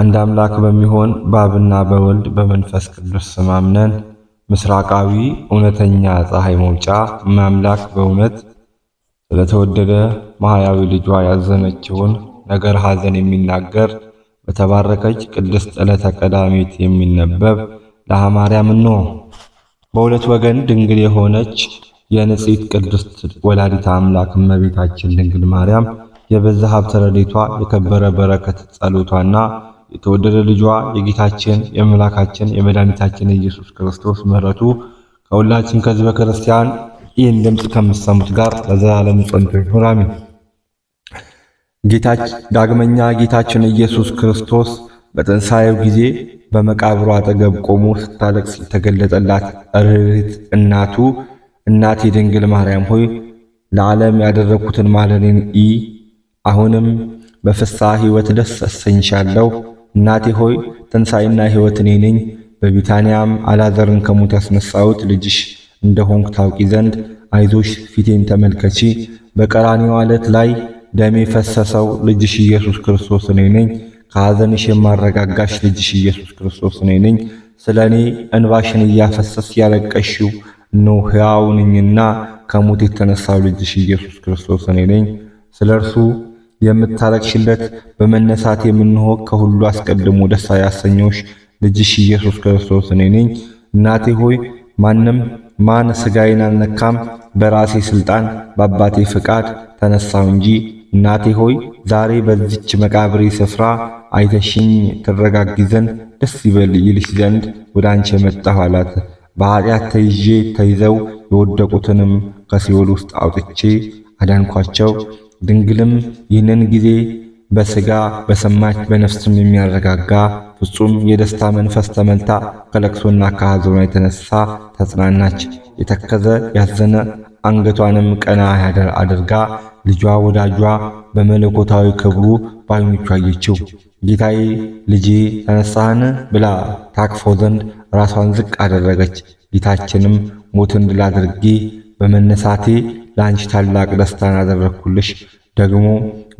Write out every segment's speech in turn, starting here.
አንድ አምላክ በሚሆን በአብና በወልድ በመንፈስ ቅዱስ ስም አምነን ምስራቃዊ እውነተኛ ፀሐይ መውጫ ማምላክ በእውነት ስለተወደደ ማህያዊ ልጇ ያዘነችውን ነገር ሐዘን የሚናገር በተባረከች ቅድስት ዕለተ ቀዳሚት የሚነበብ ለሐማርያም እንሆ በሁለት ወገን ድንግል የሆነች የንጽሕት ቅድስት ወላዲት አምላክ እመቤታችን ድንግል ማርያም የበዛ ሀብተ ረድኤቷ የከበረ በረከት ጸሎቷና የተወደደ ልጇ የጌታችን የአምላካችን የመድኃኒታችን የኢየሱስ ክርስቶስ ምሕረቱ ከሁላችን ከሕዝበ ክርስቲያን ይህን ድምፅ ከምሰሙት ጋር ለዘላለም ጸንቶ ይሁን አሜን። ዳግመኛ ጌታችን ኢየሱስ ክርስቶስ በትንሣኤው ጊዜ በመቃብሩ አጠገብ ቆሞ ስታለቅስ የተገለጠላት ርሪት እናቱ እናቴ ድንግል ማርያም ሆይ ለዓለም ያደረግኩትን ማለኔን ኢ አሁንም በፍሳ ሕይወት ደስ አሰኝሻለሁ እናቴ ሆይ ትንሣኤና ሕይወት እኔ ነኝ፣ በቢታንያም አላዘርን ከሞት ያስነሳሁት ልጅሽ እንደሆንክ ታውቂ ዘንድ አይዞሽ፣ ፊቴን ተመልከቺ፣ በቀራንዮ ዓለት ላይ ደሜ ፈሰሰው ልጅሽ ኢየሱስ ክርስቶስ እኔ ነኝ። ከሐዘንሽ የማረጋጋሽ ልጅሽ ኢየሱስ ክርስቶስ እኔ ነኝ። ስለ እኔ እንባሽን እያፈሰስ ያለቀሽው እነሆ ሕያው ነኝና ከሞት የተነሳው ልጅሽ ኢየሱስ ክርስቶስ እኔ ነኝ። ስለ እርሱ የምታረቅሽለት በመነሳት የምንሆ ከሁሉ አስቀድሞ ደስ ያሰኘውሽ ልጅሽ ኢየሱስ ክርስቶስ እኔ ነኝ። እናቴ ሆይ ማንም ማን ስጋዬን አልነካም፣ በራሴ ስልጣን በአባቴ ፍቃድ ተነሳሁ እንጂ። እናቴ ሆይ ዛሬ በዚች መቃብሬ ስፍራ አይተሽኝ ትረጋጊ ዘንድ ደስ ይበል ይልሽ ዘንድ ወደ አንቺ የመጣሁ አላት። በኃጢአት ተይዤ ተይዘው የወደቁትንም ከሲኦል ውስጥ አውጥቼ አዳንኳቸው። ድንግልም ይህንን ጊዜ በስጋ፣ በሰማች በነፍስም የሚያረጋጋ ፍጹም የደስታ መንፈስ ተመልታ ከለቅሶና ከሐዘኗ የተነሳ ተጽናናች። የተከዘ ያዘነ አንገቷንም ቀና አድርጋ ልጇ ወዳጇ በመለኮታዊ ክብሩ ባይኖቿ አየችው። ጌታዬ ልጄ ተነሳህን ብላ ታቅፈው ዘንድ ራሷን ዝቅ አደረገች። ጌታችንም ሞትን ድል አድርጌ በመነሳቴ ለአንቺ ታላቅ ደስታን አደረግኩልሽ። ደግሞ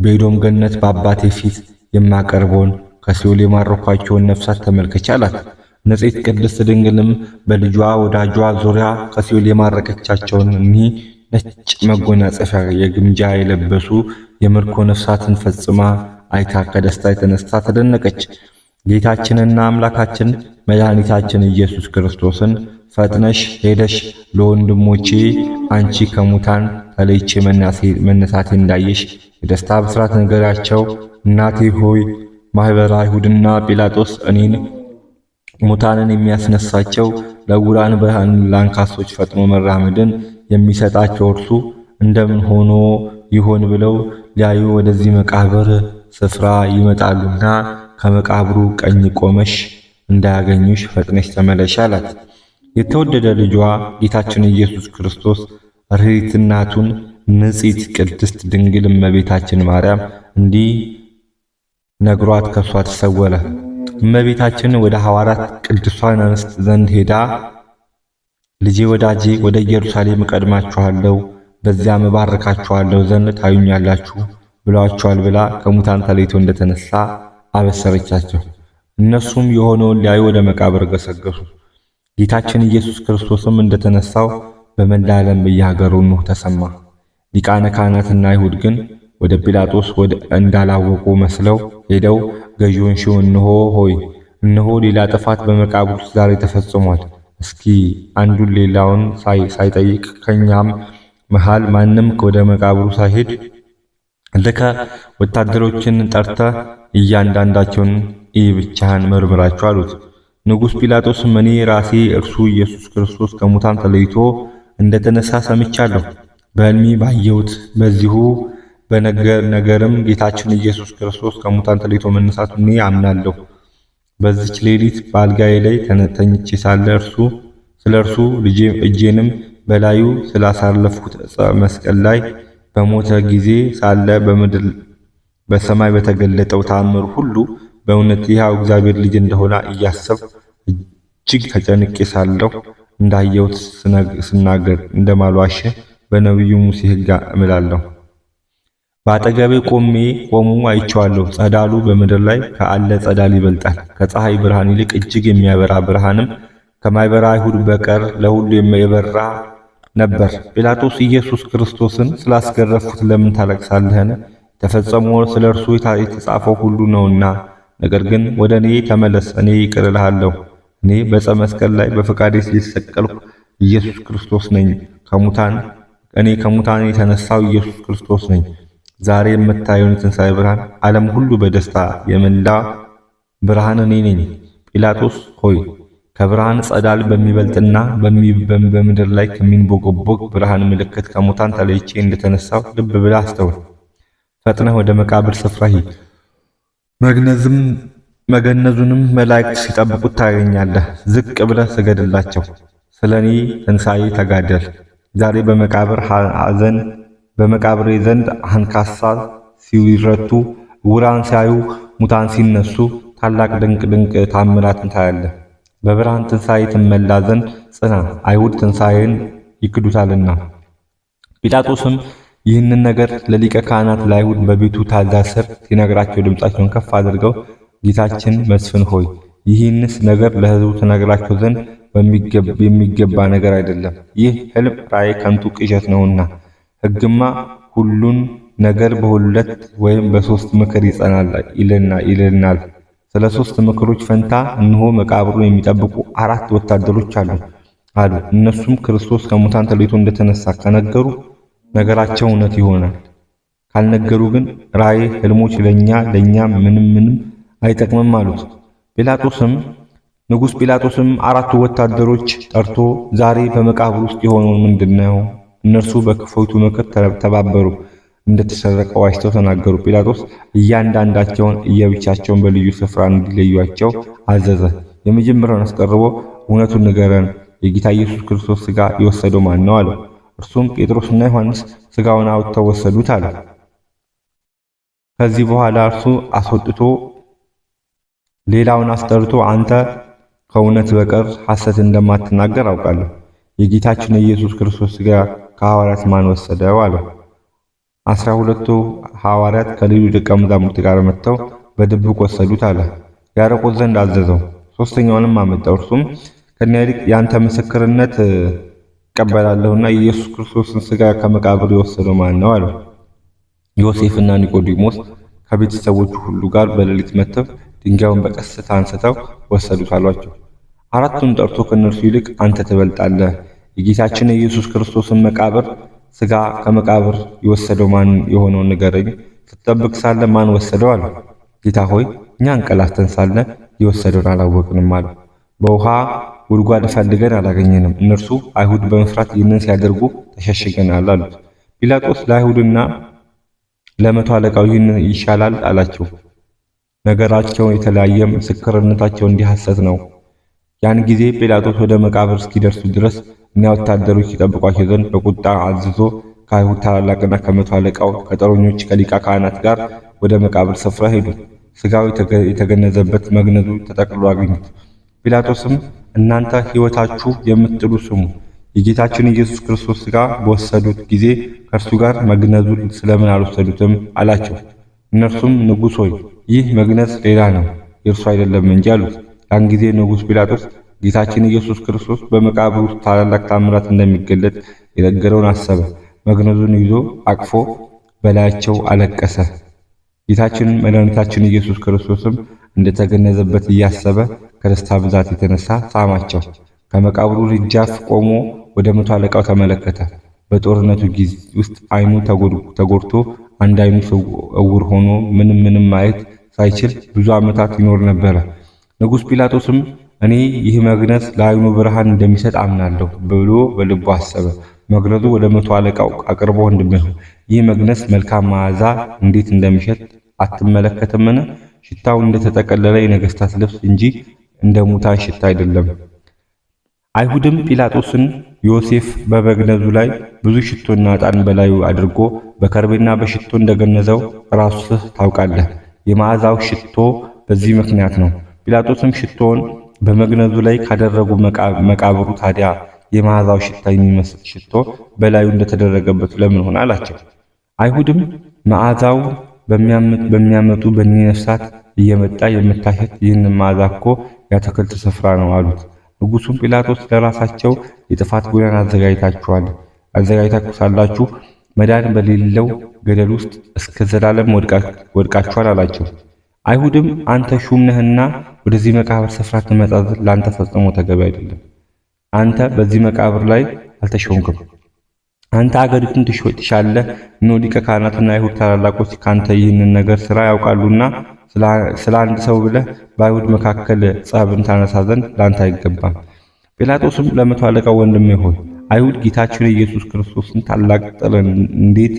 በኤዶም ገነት በአባቴ ፊት የማቀርበውን ከሲኦል የማረኳቸውን ነፍሳት ተመልከች አላት። ንጽሕት ቅድስት ድንግልም በልጇ ወዳጇ ዙሪያ ከሲኦል የማረቀቻቸውን እኒ ነጭ መጎናጸፊያ የግምጃ የለበሱ የምርኮ ነፍሳትን ፈጽማ አይታ ከደስታ የተነሳ ተደነቀች። ጌታችንና አምላካችን መድኃኒታችን ኢየሱስ ክርስቶስን ፈጥነሽ ሄደሽ ለወንድሞቼ አንቺ ከሙታን ተለይቼ መነሳቴ እንዳየሽ የደስታ ብስራት ነገራቸው። እናቴ ሆይ ማህበረ አይሁድና ጲላጦስ እኔን ሙታንን የሚያስነሳቸው ለዕውራን ብርሃን ለአንካሶች ፈጥኖ መራመድን የሚሰጣቸው እርሱ እንደምን ሆኖ ይሆን ብለው ሊያዩ ወደዚህ መቃብር ስፍራ ይመጣሉና ከመቃብሩ ቀኝ ቆመሽ እንዳያገኙሽ ፈጥነሽ ተመለሽ አላት። የተወደደ ልጇ ጌታችን ኢየሱስ ክርስቶስ ርህት እናቱን ንጽሕት ቅድስት ድንግል እመቤታችን ማርያም እንዲህ ነግሯት ከሷ ተሰወረ። እመቤታችን ወደ ሐዋርያት ቅዱሳን አንስት ዘንድ ሄዳ ልጄ ወዳጄ ወደ ኢየሩሳሌም እቀድማችኋለሁ፣ በዚያ እባርካችኋለሁ ዘንድ ታዩኛላችሁ ብለዋችኋል ብላ ከሙታን ተለይቶ እንደተነሳ አበሰረቻቸው። እነሱም የሆነውን ሊያዩ ወደ መቃብር ገሰገሱ። ጌታችን ኢየሱስ ክርስቶስም እንደተነሳው በመላ ዓለም በየሀገሩ ኑህ ተሰማ። ሊቃነ ካህናትና አይሁድ ግን ወደ ጲላጦስ ወደ እንዳላወቁ መስለው ሄደው ገዢውን ሺው እንሆ ሆይ እነሆ ሌላ ጥፋት በመቃብር ውስጥ ዛሬ ተፈጽሟል። እስኪ አንዱን ሌላውን ሳይጠይቅ ከኛም መሃል ማንም ወደ መቃብሩ ሳይሄድ ልከ ወታደሮችን ጠርተ እያንዳንዳቸውን ይህ ብቻህን መርምራቸው አሉት። ንጉሥ ጲላጦስም እኔ ራሴ እርሱ ኢየሱስ ክርስቶስ ከሙታን ተለይቶ እንደተነሳ ሰምቻለሁ፣ በሕልሜ ባየሁት በዚሁ በነገር ነገርም ጌታችን ኢየሱስ ክርስቶስ ከሙታን ተለይቶ መነሳቱ እኔ አምናለሁ። በዚች ሌሊት በአልጋዬ ላይ ተኝቼ ሳለ እርሱ ስለ እርሱ እጄንም በላዩ ስላሳለፍኩት ዕፀ መስቀል ላይ በሞተ ጊዜ ሳለ በምድር በሰማይ በተገለጠው ተአምር ሁሉ በእውነት ይህው እግዚአብሔር ልጅ እንደሆነ እያሰብ እጅግ ተጨንቄ ሳለሁ እንዳየሁት ስናገር እንደማልዋሽ በነቢዩ ሙሴ ሕግ እምላለሁ። በአጠገቤ ቆሜ ቆሙ አይቼዋለሁ። ጸዳሉ በምድር ላይ ከአለ ጸዳል ይበልጣል። ከፀሐይ ብርሃን ይልቅ እጅግ የሚያበራ ብርሃንም ከማይበራ አይሁድ በቀር ለሁሉ የበራ ነበር። ጲላጦስ ኢየሱስ ክርስቶስን ስላስገረፉት ለምን ታለቅሳለህን? ተፈጸሞ ስለ እርሱ የተጻፈው ሁሉ ነውና ነገር ግን ወደ እኔ ተመለስ፣ እኔ ይቅር እልሃለሁ። እኔ በዕፀ መስቀል ላይ በፈቃዴ የተሰቀልኩ ኢየሱስ ክርስቶስ ነኝ። ከሙታን እኔ ከሙታን የተነሳው ኢየሱስ ክርስቶስ ነኝ። ዛሬ የምታየውን የትንሣኤ ብርሃን ዓለም ሁሉ በደስታ የመላ ብርሃን እኔ ነኝ። ጲላጦስ ሆይ ከብርሃን ጸዳል በሚበልጥና በምድር ላይ ከሚንቦገቦግ ብርሃን ምልክት ከሙታን ተለይቼ እንደተነሳው ልብ ብለህ አስተውል። ፈጥነህ ወደ መቃብር ስፍራ ሂድ። መግነዝም መገነዙንም መላእክት ሲጠብቁት ታገኛለህ። ዝቅ ብለህ ስገድላቸው፣ ስለኔ እኔ ትንሣኤ ተጋደል። ዛሬ በመቃብር ሐዘን በመቃብሬ ዘንድ አንካሳ ሲረቱ፣ ውራን ሲያዩ፣ ሙታን ሲነሱ፣ ታላቅ ድንቅ ድንቅ ታምራትን ታያለህ። በብርሃን ትንሣኤ ትመላ ዘንድ ጽና፣ አይሁድ ትንሣኤን ይክዱታልና። ጲላጦስም ይህንን ነገር ለሊቀ ካህናት ለአይሁድ በቤቱ ታዛ ስር ሲነግራቸው ድምፃቸውን ከፍ አድርገው ጌታችን መስፍን ሆይ ይህንስ ነገር ለሕዝቡ ተነግራቸው ዘንድ የሚገባ ነገር አይደለም። ይህ ህልም ራእይ ከንቱ ቅዠት ነውና ሕግማ ሁሉን ነገር በሁለት ወይም በሶስት ምክር ይጸናል ይልናል። ስለ ሶስት ምክሮች ፈንታ እንሆ መቃብሩን የሚጠብቁ አራት ወታደሮች አሉ አሉ። እነሱም ክርስቶስ ከሙታን ተለይቶ እንደተነሳ ከነገሩ ነገራቸው እውነት ይሆናል። ካልነገሩ ግን ራእይ፣ ህልሞች ለኛ ለኛ ምንም ምንም አይጠቅምም አሉት። ጲላጦስም ንጉሥ ጲላጦስም አራቱ ወታደሮች ጠርቶ ዛሬ በመቃብር ውስጥ የሆነውን ምንድነው? እነርሱ በክፎይቱ ምክር ተባበሩ፣ እንደተሰረቀው አይተው ተናገሩ። ጲላጦስ እያንዳንዳቸውን እየብቻቸውን በልዩ ስፍራ እንዲለዩቸው አዘዘ። የመጀመሪያውን አስቀርቦ እውነቱን ንገረን፣ የጌታ ኢየሱስ ክርስቶስ ሥጋ የወሰደው ማን ነው አለው። እርሱም ጴጥሮስና ዮሐንስ ሥጋውን አውጥተው ወሰዱት አለ። ከዚህ በኋላ እርሱ አስወጥቶ ሌላውን አስጠርቶ አንተ ከእውነት በቀር ሐሰት እንደማትናገር አውቃለሁ፣ የጌታችን ኢየሱስ ክርስቶስ ሥጋ ከሐዋርያት ማን ወሰደው አለ። አስራ ሁለቱ ሐዋርያት ከልዩ ደቀ መዛሙርት ጋር መጥተው በድብቅ ወሰዱት አለ። ያረቆት ዘንድ አዘዘው። ሦስተኛውንም አመጣው። እርሱም ከእኛ ይልቅ ያንተ ምስክርነት እቀበላለሁና ኢየሱስ ክርስቶስን ስጋ ከመቃብር የወሰደው ማን ነው አለው። ዮሴፍና ኒቆዲሞስ ከቤተሰቦቹ ሁሉ ጋር በሌሊት መጥተው ድንጋዩን በቀስታ አንስተው ወሰዱት አሏቸው። አራቱን ጠርቶ ከእነርሱ ይልቅ አንተ ትበልጣለህ፣ የጌታችን የኢየሱስ ክርስቶስን መቃብር ስጋ ከመቃብር የወሰደው ማን የሆነውን ንገረኝ፣ ስትጠብቅ ሳለ ማን ወሰደው አለው። ጌታ ሆይ እኛ እንቀላፍተን ሳለ የወሰደውን አላወቅንም አለው። በውሃ ጉድጓድ ፈልገን አላገኘንም፣ እነርሱ አይሁድ በመፍራት ይህንን ሲያደርጉ ተሸሽገናል አሉት። ጲላጦስ ለአይሁድና ለመቶ አለቃው ይህን ይሻላል አላቸው። ነገራቸው የተለያየ ምስክርነታቸው እንዲህ ሐሰት ነው። ያን ጊዜ ጲላጦስ ወደ መቃብር እስኪደርሱ ድረስ እና ወታደሮች ይጠብቋቸው ዘንድ በቁጣ አዝዞ ከአይሁድ ታላላቅና ከመቶ አለቃው ከጦረኞች ከሊቃ ካህናት ጋር ወደ መቃብር ስፍራ ሄዱ። ስጋው የተገነዘበት መግነዙ ተጠቅሎ አገኙት። ጲላጦስም እናንተ ሕይወታችሁ የምትጥሉ ስሙ። የጌታችን ኢየሱስ ክርስቶስ ሥጋ በወሰዱት ጊዜ ከእርሱ ጋር መግነዙን ስለምን አልወሰዱትም አላቸው። እነርሱም ንጉሥ ሆይ ይህ መግነዝ ሌላ ነው፣ የእርሱ አይደለም እንጂ አሉት። ያን ጊዜ ንጉሥ ጲላጦስ ጌታችን ኢየሱስ ክርስቶስ በመቃብር ውስጥ ታላላቅ ታምራት እንደሚገለጥ የነገረውን አሰበ። መግነዙን ይዞ አቅፎ በላያቸው አለቀሰ። ጌታችን መድኃኒታችን ኢየሱስ ክርስቶስም እንደተገነዘበት እያሰበ ከደስታ ብዛት የተነሳ ሳማቸው። ከመቃብሩ ደጃፍ ቆሞ ወደ መቶ አለቃው ተመለከተ። በጦርነቱ ጊዜ ውስጥ አይኑ ተጎድቶ አንድ አይኑ እውር ሆኖ ምንም ምንም ማየት ሳይችል ብዙ ዓመታት ይኖር ነበረ። ንጉሥ ጲላጦስም እኔ ይህ መግነዝ ለአይኑ ብርሃን እንደሚሰጥ አምናለሁ ብሎ በልቡ አሰበ። መግነዙ ወደ መቶ አለቃው አቅርቦ ወንድምህ ይህ መግነዝ መልካም መዓዛ እንዴት እንደሚሸጥ አትመለከትምን? ሽታው እንደተጠቀለለ የነገስታት ልብስ እንጂ እንደ ሙታን ሽታ አይደለም። አይሁድም ጲላጦስን ዮሴፍ በበግነዙ ላይ ብዙ ሽቶና ዕጣን በላዩ አድርጎ በከርቤና በሽቶ እንደገነዘው ራስህ ታውቃለህ፣ የመዓዛው ሽቶ በዚህ ምክንያት ነው። ጲላጦስም ሽቶውን በመግነዙ ላይ ካደረጉ መቃብሩ ታዲያ የመዓዛው ሽታ የሚመስል ሽቶ በላዩ እንደተደረገበት ለምን ሆነ አላቸው። አይሁድም መዓዛው በሚያመጡ በኒነፍሳት እየመጣ የምታሸት ይህን መዓዛ እኮ የአትክልት ስፍራ ነው አሉት። ንጉሱም ጲላጦስ ለራሳቸው የጥፋት ጎዳና አዘጋጅታችኋል አዘጋጅታችሁ ሳላችሁ መዳን በሌለው ገደል ውስጥ እስከ ዘላለም ወድቃችኋል አላቸው። አይሁድም አንተ ሹም ነህና ወደዚህ መቃብር ስፍራ ትመጣ ለአንተ ፈጽሞ ተገቢ አይደለም። አንተ በዚህ መቃብር ላይ አልተሾምክም። አንተ አገሪቱን ትሻለህ። እነሆ ሊቀ ካህናትና አይሁድ ታላላቆች ካንተ ይህንን ነገር ስራ ያውቃሉና ስለ አንድ ሰው ብለህ በአይሁድ መካከል ጸብን ታነሳ ዘንድ ላንተ አይገባም። ጲላጦስም ለመቶ አለቃው ወንድም ሆይ አይሁድ ጌታችን ኢየሱስ ክርስቶስን ታላቅ ጥል እንዴት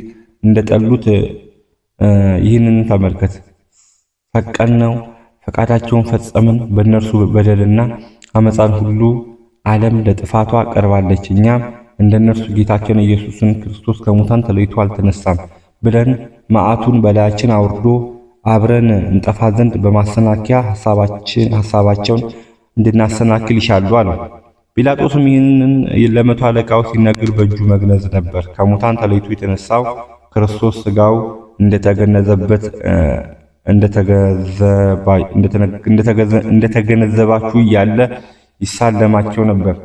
እንደጠሉት ይህንን ተመልከት። ፈቀን ነው ፈቃዳቸውን ፈጸምን። በእነርሱ በደልና አመፃን ሁሉ ዓለም ለጥፋቷ ቀርባለች እኛም እንደነርሱ ጌታችን ኢየሱስን ክርስቶስ ከሙታን ተለይቶ አልተነሳም ብለን መዓቱን በላያችን አውርዶ አብረን እንጠፋ ዘንድ በማሰናከያ ሐሳባቸውን እንድናሰናክል ይሻሉ አለ። ጲላጦስም ይህንን ለመቶ አለቃው ሲነግር በእጁ መግነዝ ነበር። ከሙታን ተለይቶ የተነሳው ክርስቶስ ስጋው እንደተገነዘበት እንደተገነዘባችሁ እያለ ይሳለማቸው ነበር።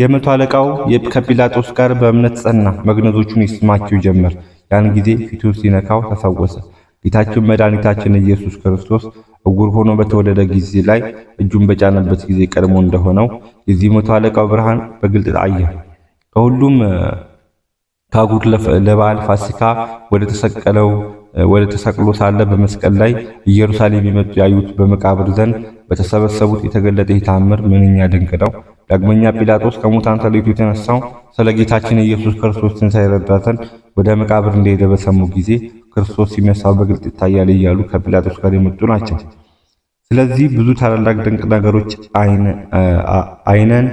የመቶ አለቃው ከጲላጦስ ጋር በእምነት ጸና፣ መግነዞቹን ይስማቸው ጀመር። ያን ጊዜ ፊቱን ሲነካው ተፈወሰ። ጌታችን መድኃኒታችን ኢየሱስ ክርስቶስ እውር ሆኖ በተወለደ ጊዜ ላይ እጁን በጫነበት ጊዜ ቀድሞ እንደሆነው የዚህ መቶ አለቃው ብርሃን በግልጥ ታየ። ከሁሉም ከአጉር ለበዓል ፋሲካ ወደ ተሰቀለው ወደ ተሰቅሎ ሳለ በመስቀል ላይ ኢየሩሳሌም የመጡ ያዩት በመቃብር ዘንድ በተሰበሰቡት የተገለጠ ይታምር ምንኛ ድንቅ ነው። ዳግመኛ ጲላጦስ ከሙታን ተለይቶ የተነሳው ስለ ጌታችን ኢየሱስ ክርስቶስ ትንሣኤ ወደ መቃብር እንደሄደ በሰሙ ጊዜ ክርስቶስ ሲነሳው በግልጥ ይታያል እያሉ ከጲላጦስ ጋር የመጡ ናቸው። ስለዚህ ብዙ ታላላቅ ድንቅ ነገሮች አይነን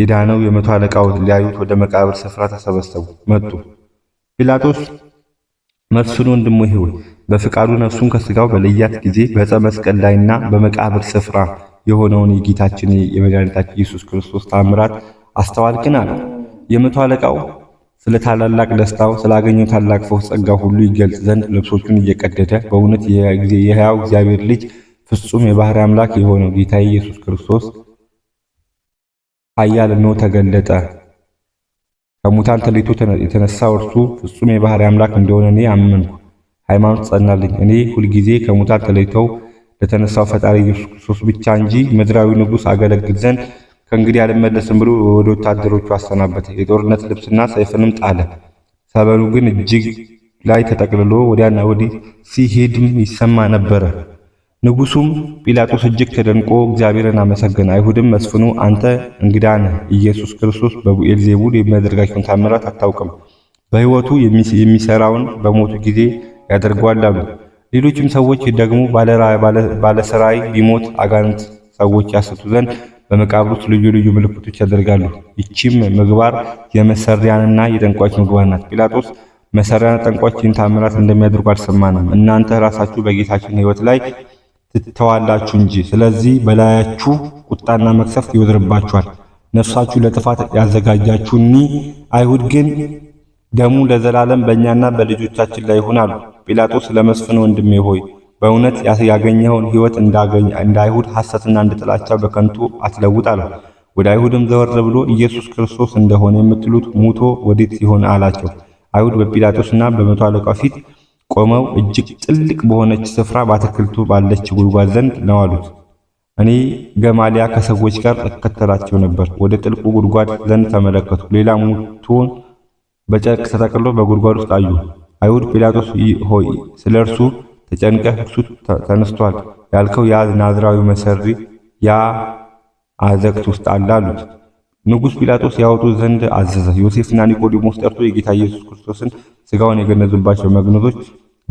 የዳነው የመቶ አለቃው ሊያዩት ወደ መቃብር ስፍራ ተሰበሰቡ መጡ። ጲላጦስ መስፍን ወንድሙ ይሁን በፍቃዱ ነፍሱን ከስጋው በለያት ጊዜ በዕፀ መስቀል ላይና በመቃብር ስፍራ የሆነውን የጌታችን የመድኃኒታችን ኢየሱስ ክርስቶስ ታምራት አስተዋልክን አለ። የመቶ አለቃው ስለ ታላላቅ ደስታው ስላገኘው ታላቅ ፈውስ ጸጋ ሁሉ ይገልጽ ዘንድ ልብሶቹን እየቀደደ በእውነት የሕያው እግዚአብሔር ልጅ ፍጹም የባህሪ አምላክ የሆነው ጌታ ኢየሱስ ክርስቶስ ኃያል ነው ተገለጠ። ከሙታን ተለይቶ የተነሳው እርሱ ፍጹም የባህሪ አምላክ እንደሆነ እኔ አመንኩ። ሃይማኖት ጸናልኝ። እኔ ሁልጊዜ ከሙታን ተለይተው ለተነሳው ፈጣሪ ኢየሱስ ክርስቶስ ብቻ እንጂ ምድራዊ ንጉሥ አገለግል ዘንድ ከእንግዲህ አልመለስም ብሎ ወደ ወታደሮቹ አሰናበተ። የጦርነት ልብስና ሰይፍንም ጣለ። ሰበሉ ግን እጅግ ላይ ተጠቅልሎ ወዲያና ወዲህ ሲሄድም ይሰማ ነበረ። ንጉሱም ጲላጦስ እጅግ ተደንቆ እግዚአብሔርን አመሰገነ። አይሁድም መስፍኑ አንተ እንግዳ ነህ፣ ኢየሱስ ክርስቶስ በቡኤል ዜቡል የሚያደርጋቸውን ታምራት አታውቅም፣ በሕይወቱ የሚሰራውን በሞቱ ጊዜ ያደርጓል አሉ። ሌሎችም ሰዎች ደግሞ ባለስራይ ቢሞት አጋንንት ሰዎች ያስቱ ዘንድ በመቃብር ውስጥ ልዩ ልዩ ምልክቶች ያደርጋሉ። ይቺም ምግባር የመሰሪያንና የጠንቋች ምግባር ናት። ጲላጦስ መሰሪያና ጠንቋዎች ይህን ታምራት እንደሚያደርጉ አልሰማንም፣ እናንተ ራሳችሁ በጌታችን ሕይወት ላይ ትተዋላችሁ እንጂ። ስለዚህ በላያችሁ ቁጣና መቅሰፍት ይወድርባችኋል። ነፍሳችሁ ለጥፋት ያዘጋጃችሁ አይሁድ ግን ደሙ ለዘላለም በእኛና በልጆቻችን ላይ ይሆናሉ። ጲላጦስ ለመስፍን ወንድሜ ሆይ በእውነት ያገኘኸውን ሕይወት እንዳገኝ እንደ አይሁድ ሐሰትና እንደ ጥላቻ በከንቱ አትለውጥ አለው። ወደ አይሁድም ዘወር ብሎ ኢየሱስ ክርስቶስ እንደሆነ የምትሉት ሙቶ ወዴት ይሆን አላቸው። አይሁድ በጲላጦስና በመቶ አለቃ ፊት ቆመው እጅግ ጥልቅ በሆነች ስፍራ በአትክልቱ ባለች ጉድጓድ ዘንድ ነው አሉት። እኔ ገማሊያ ከሰዎች ጋር እከተላቸው ነበር። ወደ ጥልቁ ጉድጓድ ዘንድ ተመለከቱ። ሌላ ሙቶን በጨርቅ ተጠቅሎ በጉድጓድ ውስጥ አዩ። አይሁድ ጲላጦስ ሆይ ስለ እርሱ ተጨንቀህ እርሱ ተነስቷል ያልከው ያ ናዝራዊ መሰሪ ያ አዘቅት ውስጥ አለ አሉት። ንጉሥ ጲላጦስ ያወጡ ዘንድ አዘዘ። ዮሴፍና ኒቆዲሞስ ጠርቶ የጌታ ኢየሱስ ክርስቶስን ስጋውን የገነዙባቸው መግነዞች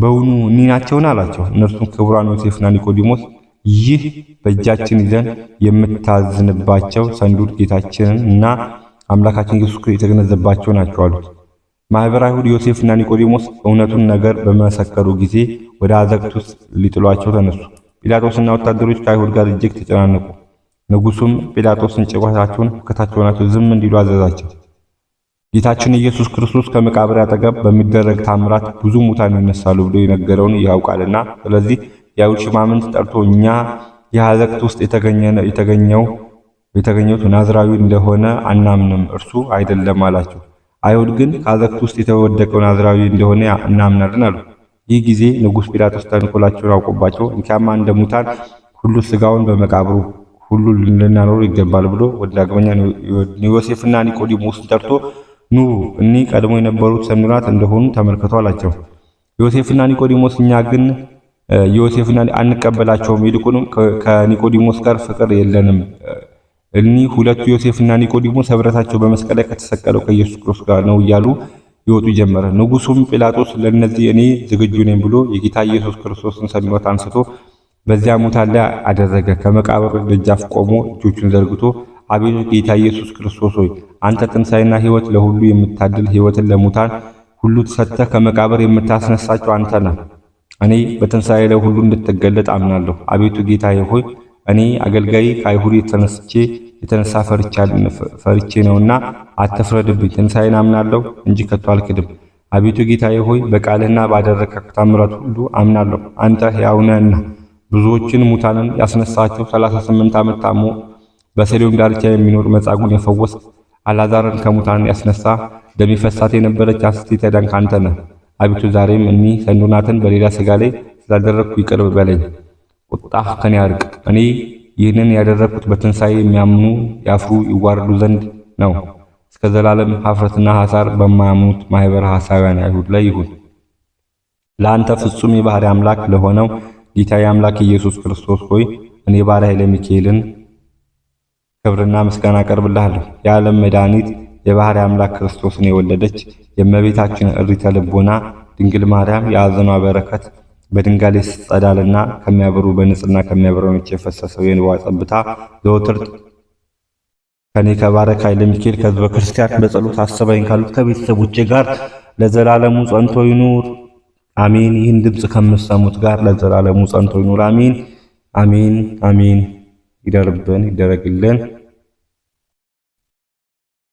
በውኑ እኒ ናቸውን? አላቸው። እነርሱም ክቡራን ዮሴፍና ኒቆዲሞስ ይህ በእጃችን ይዘን የምታዝንባቸው ሰንዱቅ ጌታችንን እና አምላካችን ኢየሱስ የተገነዘባቸው ናቸው አሉት። ማኅበረ አይሁድ ዮሴፍና ኒቆዲሞስ እውነቱን ነገር በመሰከሩ ጊዜ ወደ አዘቅት ውስጥ ሊጥሏቸው ተነሱ። ጲላጦስና ወታደሮች ከአይሁድ ጋር እጅግ ተጨናነቁ። ንጉሱም ጲላጦስን ጭንቅላታቸውን ከታቸው ናቸው ዝም እንዲሉ አዘዛቸው። ጌታችን ኢየሱስ ክርስቶስ ከመቃብር አጠገብ በሚደረግ ታምራት ብዙ ሙታን ይነሳሉ ብሎ የነገረውን ያውቃልና፣ ስለዚህ የአይሁድ ሽማምንት ጠርቶ እኛ የአዘቅት ውስጥ የተገኘው የተገኘው ናዝራዊ እንደሆነ አናምንም፣ እርሱ አይደለም አላቸው። አይሁድ ግን ከአዘቅት ውስጥ የተወደቀው ናዝራዊ እንደሆነ እናምናለን አሉ። ይህ ጊዜ ንጉሥ ጲላጦስ ተንኮላቸውን አውቆባቸው እንኪያማ እንደ ሙታን ሁሉ ስጋውን በመቃብሩ ሁሉ ልናኖሩ ይገባል ብሎ ወደ ዳግመኛ ዮሴፍና ኒቆዲሞስን ጠርቶ ኑ እኒህ ቀድሞ የነበሩት ሰሚራት እንደሆኑ ተመልክቶ አላቸው። ዮሴፍና ኒቆዲሞስ እኛ ግን ዮሴፍና አንቀበላቸውም፣ ይልቁንም ከኒቆዲሞስ ጋር ፍቅር የለንም እኒህ ሁለቱ ዮሴፍና ኒቆዲሞስ ህብረታቸው በመስቀል ላይ ከተሰቀለው ከኢየሱስ ክርስቶስ ጋር ነው እያሉ ይወጡ ጀመረ። ንጉሱም ጲላጦስ ለነዚህ እኔ ዝግጁ ነኝ ብሎ የጌታ ኢየሱስ ክርስቶስን ሰሚዎት አንስቶ በዚያ ሙታን ላይ አደረገ። ከመቃብር ደጃፍ ቆሞ እጆቹን ዘርግቶ አቤቱ ጌታ ኢየሱስ ክርስቶስ ሆይ አንተ ትንሣኤና ህይወት ለሁሉ የምታድል ህይወትን ለሙታን ሁሉ ሰጥተህ ከመቃብር የምታስነሳቸው አንተ ነህ። እኔ በትንሣኤ ላይ ሁሉ እንድትገለጥ አምናለሁ። አቤቱ ጌታዬ ሆይ እኔ አገልጋይ ከአይሁድ የተነስቼ የተነሳ ፈርቼ ነውና አትፍረድብኝ። ትንሣኤን አምናለሁ እንጂ ከቶ አልክድም። አቤቱ ጌታዬ ሆይ በቃልህና ባደረግከው ተአምራት ሁሉ አምናለሁ። አንተ ሕያው ነህና ብዙዎችን ሙታንን ያስነሳቸው 38 ዓመት ታሞ በሰሊሆም ዳርቻ የሚኖር መጻጉን የፈወስ አላዛርን ከሙታን ያስነሳ ደም ፈሳት የነበረች አስቲ ተዳን ካንተ ነህ። አቤቱ ዛሬም እኒህ ሰንዶናትን በሌላ ስጋ ላይ ስላደረግኩ ይቅርብ። በለኝ። ቁጣህ ከኔ አርቅ። እኔ ይህንን ያደረግኩት በትንሣኤ የሚያምኑ ያፍሩ ይዋረዱ ዘንድ ነው። እስከ ዘላለም ሀፍረትና ሐሳር በማያምኑት ማኅበረ ሐሳውያን አይሁድ ላይ ይሁን። ለአንተ ፍጹም የባህር አምላክ ለሆነው ጌታ የአምላክ ኢየሱስ ክርስቶስ ሆይ እኔ ባሪያ ኃይለ ሚካኤልን ክብርና ምስጋና አቀርብልሃለሁ። የዓለም መድኃኒት የባህር አምላክ ክርስቶስን የወለደች የእመቤታችን እሪተ ልቦና ድንግል ማርያም የአዘኗ በረከት በድንጋሌ ጸዳልና ከሚያበሩ በንጽህና ከሚያበሩ ምንጭ የፈሰሰው የንዋ ጸብታ ዘወትር ከኔ ከባረክ ኃይለ ሚካኤል ከህዝበ ክርስቲያን በጸሎት አሰባኝ ካሉት ከቤተሰቦቼ ጋር ለዘላለሙ ጸንቶ ይኑር አሜን። ይህን ድምፅ ከምሰሙት ጋር ለዘላለሙ ጸንቶ ይኑር አሜን፣ አሜን፣ አሜን። ይደርብን፣ ይደረግልን።